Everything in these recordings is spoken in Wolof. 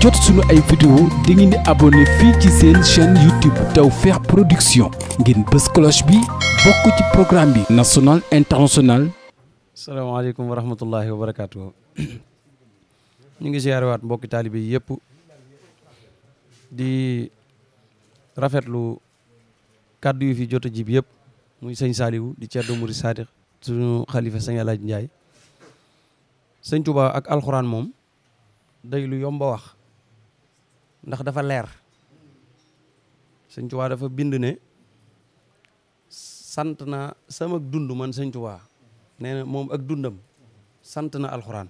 jot suñu ay vidéo da ngeen di abonné fii ci seen chaîne YouTube Tawfekh Production ngeen bës cloche bi bokk ci programme bi national international asalaamaaleykum wa rahmatullahi wa barakaatu ñu ngi ziarewaat mbokki taalibe yi yëpp di rafetlu kàddu yu fi jot a jib yëpp muy sëñ Saliou di Thierno Mouride Sadikh suñu xalifa sëñ El Hadj Ndiaye sëñ Touba ak alxuraan moom day lu yomba wax ndax dafa leer sëñ dafa bind ne sant na sama dund man sëñ Tuubaa nee moom ak dundam sant na alxuraan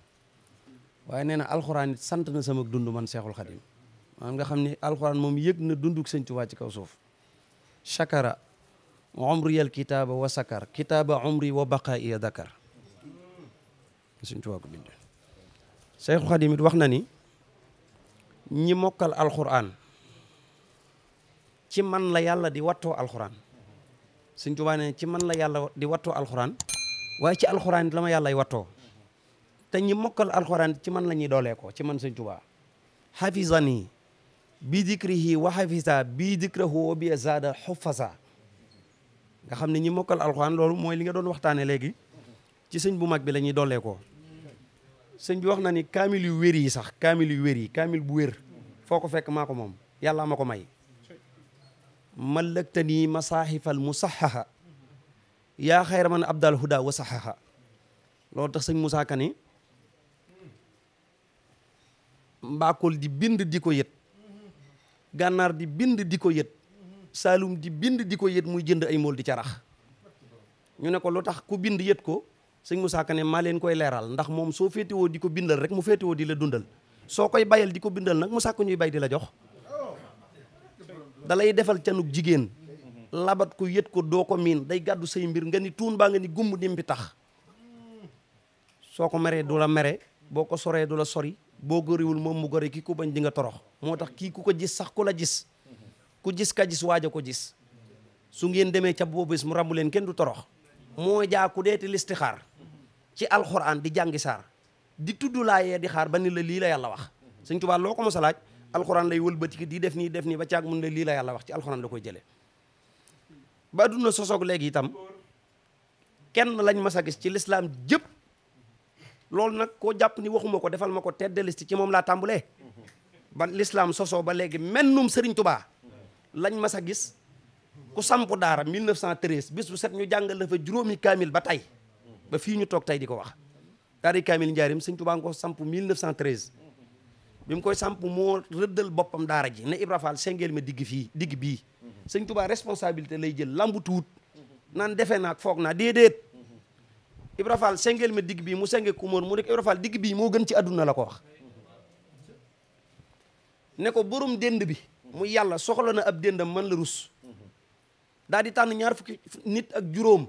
waaye nee na alxuraan sant na sama dund man Seexul Xadim maanaam nga xam ne alxuraan moom yëg na dunduk sëñ ci kaw suuf chakara umriyal kitaaba wa sakar kitaaba umri wa baqa iya dakar sëñ Tuubaa bind Seexul Xadim it wax na ni ñi mokkal alxuraan ci man la yàlla di wattoo alxuraan Sëñ Tuubaa ne ci man la yàlla di wattoo alxuraan waaye ci alxuraan it la ma yàllay wattoo te ñi mokkal alxuraan ci man la ñuy doolee ko ci man Sëñ Tuubaa xafisani bi dikrihi wa xafisa bi dikrahu wa bi zaada xufasa nga xam ne ñi mokkal alxuraan loolu mooy li nga doon waxtaane léegi ci sëñ bu mag bi la ñuy doolee ko sëñ bi wax na ni kaamil yu wér yi sax kaamil yu wér yi kaamil bu wér foo ko fekk maa ko moom yàlla ma ko may mallaktanii mu musahaha yaa ma man abdal huda wa sahaha loolu tax sëñ Moussa Kane mbaakool di bind di ko yët gànnaar di bind di ko yët saalum di bind di ko yët muy jënd ay mool di ca ñu ne ko lu tax ku bind yët ko sëñ Moussa Kane maa leen koy leeral ndax moom soo féetewoo di ko bindal rek mu féetewoo di la dundal soo koy bayal di ko bindal nag mu sàkku ñuy bay di la jox dalay defal canuk jigéen labat ko yët ko doo ko miin day gàddu say mbir nga ni tuun baa nga ni gumm dimbi tax soo ko meree du la mere boo ko soree du la sori boo goriwul moom mu gori ki ku bañ di nga torox moo tax kii ku ko gis sax ku la gis ku gis ka gis waaj ko gis su ngeen demee ca boobu mu ràmbu leen kenn du torox moo jaa ku deeti listixaar ci alxuraan di jàngi saar di tudd yee di xaar ba ni la lii la yàlla wax sëñ Tuubaa loo ko mos a laaj alxuraan lay wëlbatiki di def nii def nii ba caag mun la lii la yàlla wax ci alxuraan la koy jëlee ba na sosoog léegi itam kenn lañ mas gis ci lislaam jëpp loolu nag koo jàpp ni waxuma ko defal ma ko tedd liste ci moom laa tàmbulee ba lislaam sosoo ba léegi mennum sëriñ Tuubaa lañ mas a gis ku samp daara 1913 bis bu set ñu jàngal la fa juróomi kaamil ba tay ba fii ñu toog tey di ko wax daari kaamil njaarim sëñ Tuubaa nga ko samp 1913 bi mu koy samp moo rëddal boppam daara ji ne Ibra Fall sengeel ma digg fii digg bii sëñ responsabilité lay jël lambu naan defe naag foog naa déedéet Ibra Fall digg bii mu senge kumóor mu nekk Ibra Fall digg bi moo gën ci àdduna la ko wax ne ko borom dend bi mu yàlla soxla na ab dendam man la rus daal di tànn ñaar nit ak juróom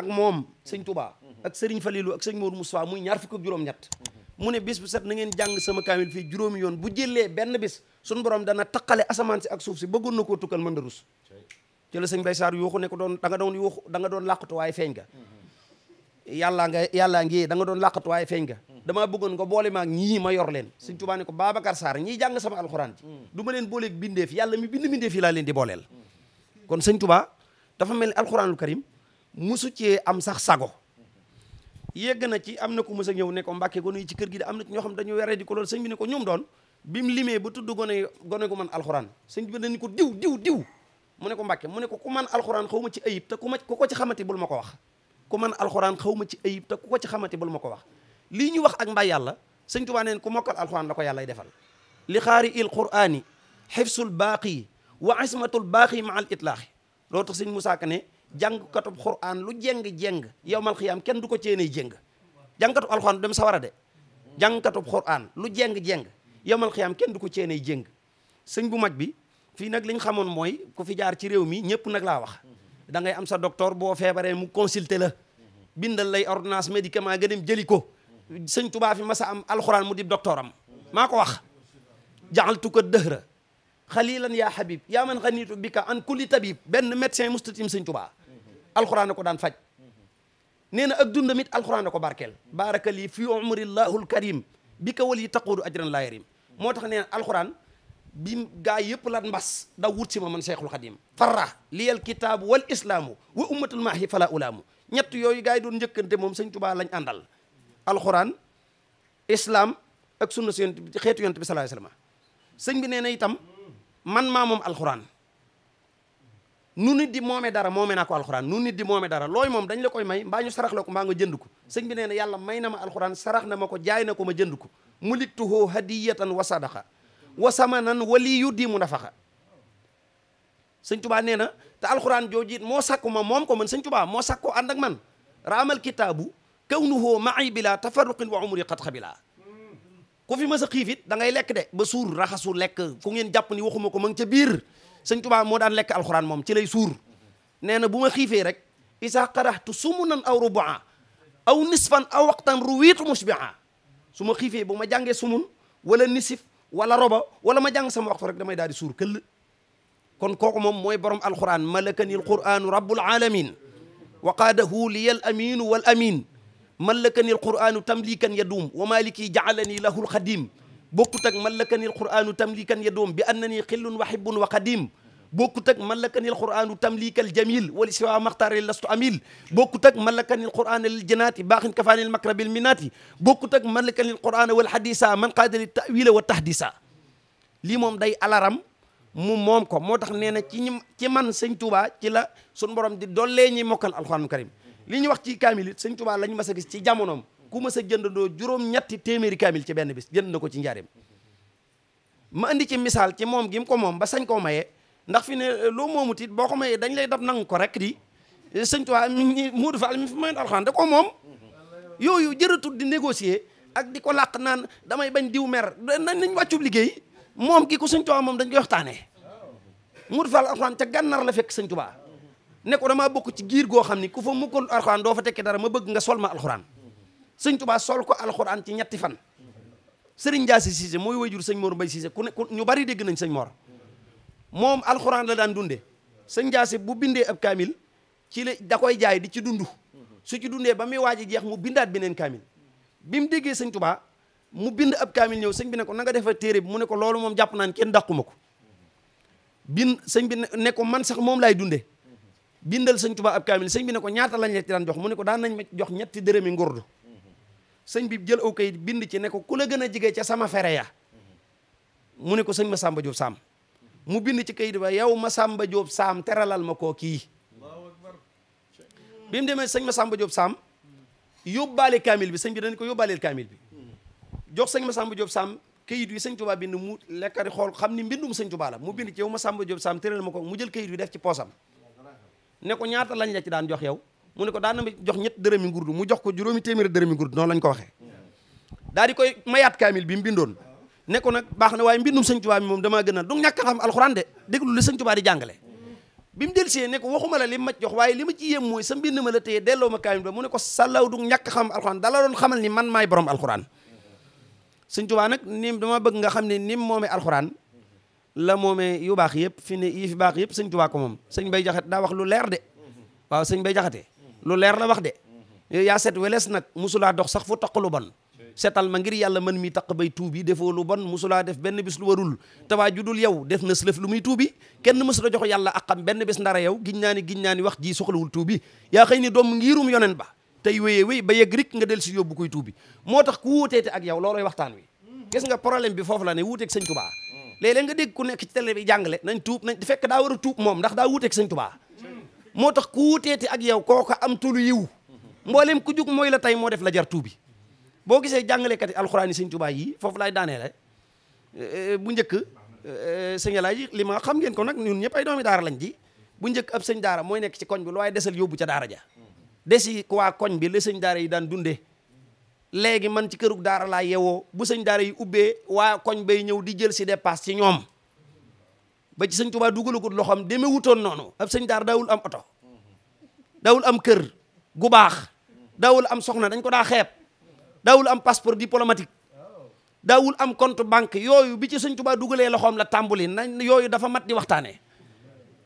ak moom sëñ Touba. ak Serigne Falilou ak sëñ Modou Moustapha muy ñaar fukk juróom-ñett. mu ne bis bu set na ngeen jàng sama kaamil fii juróomi yoon bu jëlee benn bis suñu borom dana taqale asamaan si ak suuf si bëggoon na koo tukkal mën da rus. ci sëñ Bay Saar yuuxu ne ko doon da nga doon yuuxu da nga doon làqatu waaye feeñ nga. yàllaa nga yàllaa ngi da nga doon làqatu waaye feeñ nga. damaa bëggoon nga boole maag ñii ma yor leen sëñ Touba ne ko Babacar saar ñii jàng sama alxuraan ji du ma leen booleek bindeef yàlla mi bind bindeef yi laa leen di booleel kon sëñ Touba dafa mel ni alxuraanul karim musu cee am sax sago yegg na ci am na ku musa ñëw ne ko mbàkke gone yi ci kër gi de am na ci ñoo xam dañu were di ko lool sëñ bi ne ko ñum doon bi mu limee ba tudd gone gone gu man alxuraan sañ bi dañ ko diw diw diw mu ne ko mbàkke mu ne ko ku man alxuraan xaw ma ci ayib te ku ma ko ci xamati bul ma ko wax ku man alxuraan xaw ma ci ayib te ku ko ci xamati bul ma ko wax lii ñu wax ak mbay yàlla sëñ tubaa neen ku mokkal alxuraan la ko yàllay defal li xaari il quraani xifsul baaqi wa ismatul baaqi ma al itlaaxi loolu tax sëñ Musaa Ka ne jàngkatub xuraan lu jéng-jéng yow mal xiyaam kenn du ko ceeney jéng jàngkatub alxuraan du dem sawara de jàngkatub xuraan lu jéng-jéng yow mal xiyaam kenn du ko ceeney jéng sëñ bu mag bi fii nag lañ xamoon mooy ku fi jaar ci réew mi ñëpp nag laa wax da ngay am sa docteur boo feebaree mu consulter la bindal lay ordinance médicament nga dem jëli ko sëñ tubaa fi sa am alxuraan mu di docteur am maa ko wax jaxaltu ko dëhra xalilan yaa habib yaa man xaniitu bi ka an kulli tabib benn médecin mustatim sëñ tubaa alxuraan ko daan faj nee na ak dundam it alxuraan ko barkeel baaraka lii fi umrillahul karim bi ka wal yi taquudu ajran laa yarim moo tax nee na alxuraan bi gaa yëpp la mbas daw wut si ma man cheikhul xadim farra liyal kitaabu wal islaamu wa ummatul maahi fala ulaamu ñett yooyu gaa yi doon njëkkante moom sëñ tubaa lañ àndal alxuraan islaam ak sunna si yonent xeetu yonent bi sallallahu sëñ bi nee na itam man maa moom alxuraan nu nit di moome dara moomee naa ko alxuraan nu nit di moomee dara looy moom dañ la koy may mbaa ñu sarax la mbaa nga jënd ko sëñ bi nee na yàlla may na ma alxuraan sarax na ma ko jaay na ko ma jënd ko mu mulituhu hadiyatan wa sadaqa wa samanan wali yu di mu nafaxa sëñ tubaa nee na te alxuraan jooju it moo sakku ma moom ko man sëñ tubaa moo sakku ànd ak man raamal kitaabu kawnuhu ma'i bila tafarruqin wa umri qad xabila ku fi ma sa xiif it da ngay lekk de ba suur raxasu lekk fu ngeen jàpp ni waxuma ko ma ca biir sëñ tubaa moo daan lekk alxuraan moom ci lay suur nee na bu ma xiifee rek isa qaraxtu sumunan aw rubaa aw nisfan aw waqtan ruwiitu musbia su ma xiifee bu ma jàngee sumun wala nisif wala roba wala ma jàng sama waxtu rek damay daal di suur këll kon kooku moom mooy borom alquran malakani alquranu rabbul alamin wa qaadahu liyal aminu wal amin malakani alquranu tamlikan yaduum wa maliki jaalani lahu alxadim bokkut ak mallakanil qur'anu tamlikan yadoom bi annani xillun wa hibbun wa qadim bokkut ak mallakanil qur'anu tamlikal jamil wali siwa maxtaaril lastu amil bokkut ak mallakanil qur'ana lil janaati baaxin kafaanil makrabil minaati bokkut ak mallakanil qur'ana wal hadisa man qaadali tawila wa tahdisa lii moom day alaram mu moom ko moo tax nee na ci ñi ci man sëñ Touba ci la sun borom di dollee ñi mokkal alxuraanul karim li ñu wax ci kaamil it sëñ Touba lañ mas a gis ci jamonoom ku mës a jëndandoo juróom-ñetti téeméeri kaamil ci benn bis jënd na ko ci njaareem ma indi ci misaal ci moom gi ko moom ba sañ koo maye ndax fi ne eh, loo moomut it boo ko mayee dañ lay daf nang ko rek di eh, sëñ Tuubaa mi Muudu Faal mi ko moom yooyu jërëtul di négocier ak di ko làq naan damay bañ diw mer nañ nañ wàccub liggéey moom gi ko sëñ Tuubaa moom dañ koy waxtaanee Muudu Faal alxuraan ca gànnaar la fekk sëñ Tuubaa ne ko damaa bokk ci giir goo xam ni ku fa mukkul alxuraan doo fa tekki dara ma bëgg nga sol ma alxuraan sëñ tubaa sol ko alxuraan ci ñetti fan sëriñ Ndiassé Cissé mooy wayjur sëñ Mor Mbay Cissé ku ne ñu bari dégg nañ sëñ Mor moom alxuraan la daan dunde sëñ Ndiassé bu bindee ab kaamil ci la da koy jaay di ci dund su ci dundee ba muy waaj a jeex mu bindaat beneen kaamil bi mu déggee sëñ Tuubaa mu bind ab kaamil ñëw sëñ bi ne ko na nga defa téere bi mu ne ko loolu moom jàpp naan kenn dàquma ko bin sëñ bi ne ko man sax moom laay dunde bindal sëñ Tuubaa ab kaamil sëñ bi ne ko lañ la ci daan jox mu ne ko daan nañ ma jox ñetti dërëmi ngurdu sëñ bi jël aw kayit bind ci ne ko ku la gën a jige ca sama fere ya mu ne ko sëñ Masamba Diop Sam mu bind ci kayit ba yow Masamba Diop Sam teralal ma koo kii bi mu demee sëñ Masamba Diop Sam yóbbaale kaamil bi sëñ bi dañ ko yóbbaaleel kaamil bi jox sëñ Masamba Diop Sam kayit wi sëñ Tuubaa bind mu lekkari xool xam ni mbindum sëñ Tuubaa la mu bind ci ma sàmba Diop Sam teralal ma ko mu jël kayit wi def ci poosam nekku ko ñaata lañ la ci daan jox yow mu ne ko daan na ma jox ñett dërëmi ngurdu mu jox ko juróomi téeméeri dërëmi ngurdu noonu lañ ko waxee daal di koy mayaat kaamil bi mu bindoon ne ko nag baax na waaye mbindum sëñ Tuubaa moom damaa gënal du ñàkk a xam alxuraan de déglu li sëñ Tuubaa jàngale bi mu delsee ne ko waxuma la li ma jox waaye li ma ci yéem mooy sa mbind ma la téye delloo ma kaamil ba mu ne ko salaw du ñàkk xam alxuraan dala doon xamal ni man maay borom alxuraan sëñ Tuubaa nag nim dama bëgg nga xam ne nim moomee alxuraan la moomee yu baax yëpp fi ne yi fi baax yëpp sëñ Tuubaa ko moom sëñ Bay Jaxate daa wax lu leer de waaw sëñ Bay Jaxate lu leer la wax de yow yaa set weles nag musulaa dox sax fu taq lu bon setal ma ngir yàlla man mi taq bay tuubi defoo lu bon musulaa def benn bis lu warul tawaa judul yow def na sëlëf lu muy tuubi kenn mësu la jox yàlla aqam benn bis ndara yaw giñ naa ni giñ naa ni wax ji soxlawul tuubi yaa xëy ni doom ngirum yonen ba tey wéyee wéy ba yegg rek nga del si yóbbu koy tuubi moo tax ku wuuteete ak yow looloy waxtaan wi gis nga problème bi foofu la ne wuuteeg sëñ tubaa léeg-léeg nga dégg ku nekk ci télé bi jàngale nañ tuub nañ fekk daa war a tuub moom ndax daa wuuteeg moo tax ku wuteeti ak yow kooka am tulu yiw mboolem ku jug mooy la tey moo def la jar tuubi boo gisee jàngalekati alxuraan yi sëñ Tuubaa yi foofu laay daaneele eh, bu njëkk eh, sëñ Alaaji li ma xam ngeen ko nag ñun ñëpp ay doomi daara lañ di bu njëkk ab sëñ daara mooy nekk ci koñ bi lu waaye desal yóbbu ca daara ja desi waa koñ bi la sëñ daara yi daan dundee léegi man ci kërug daara laa yewoo bu sëñ daara yi ubbee waa koñ bay ñëw di jël si dépasse ci ñoom ba ci sëñ Tuubaa dugalagul loxoom demee wutoon noonu ab sëñ daar daawul am oto daawul am kër gu baax daawul am soxna dañ ko daa xeeb daawul am passeport diplomatique daawul am compte banque yooyu bi ci sëñ Tuubaa dugalee loxoom la tàmbuli na yooyu dafa mat di waxtaanee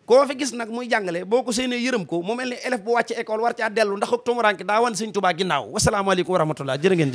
koo fi gis nag muy jàngale boo ko seenee yërëm ko mu mel ni élève bu wàcce école war caa dellu ndax ak tumuraanke daa wan sëñ Tuubaa ginnaaw wasalaamaaleykum wa rahmatullah jërë ngeen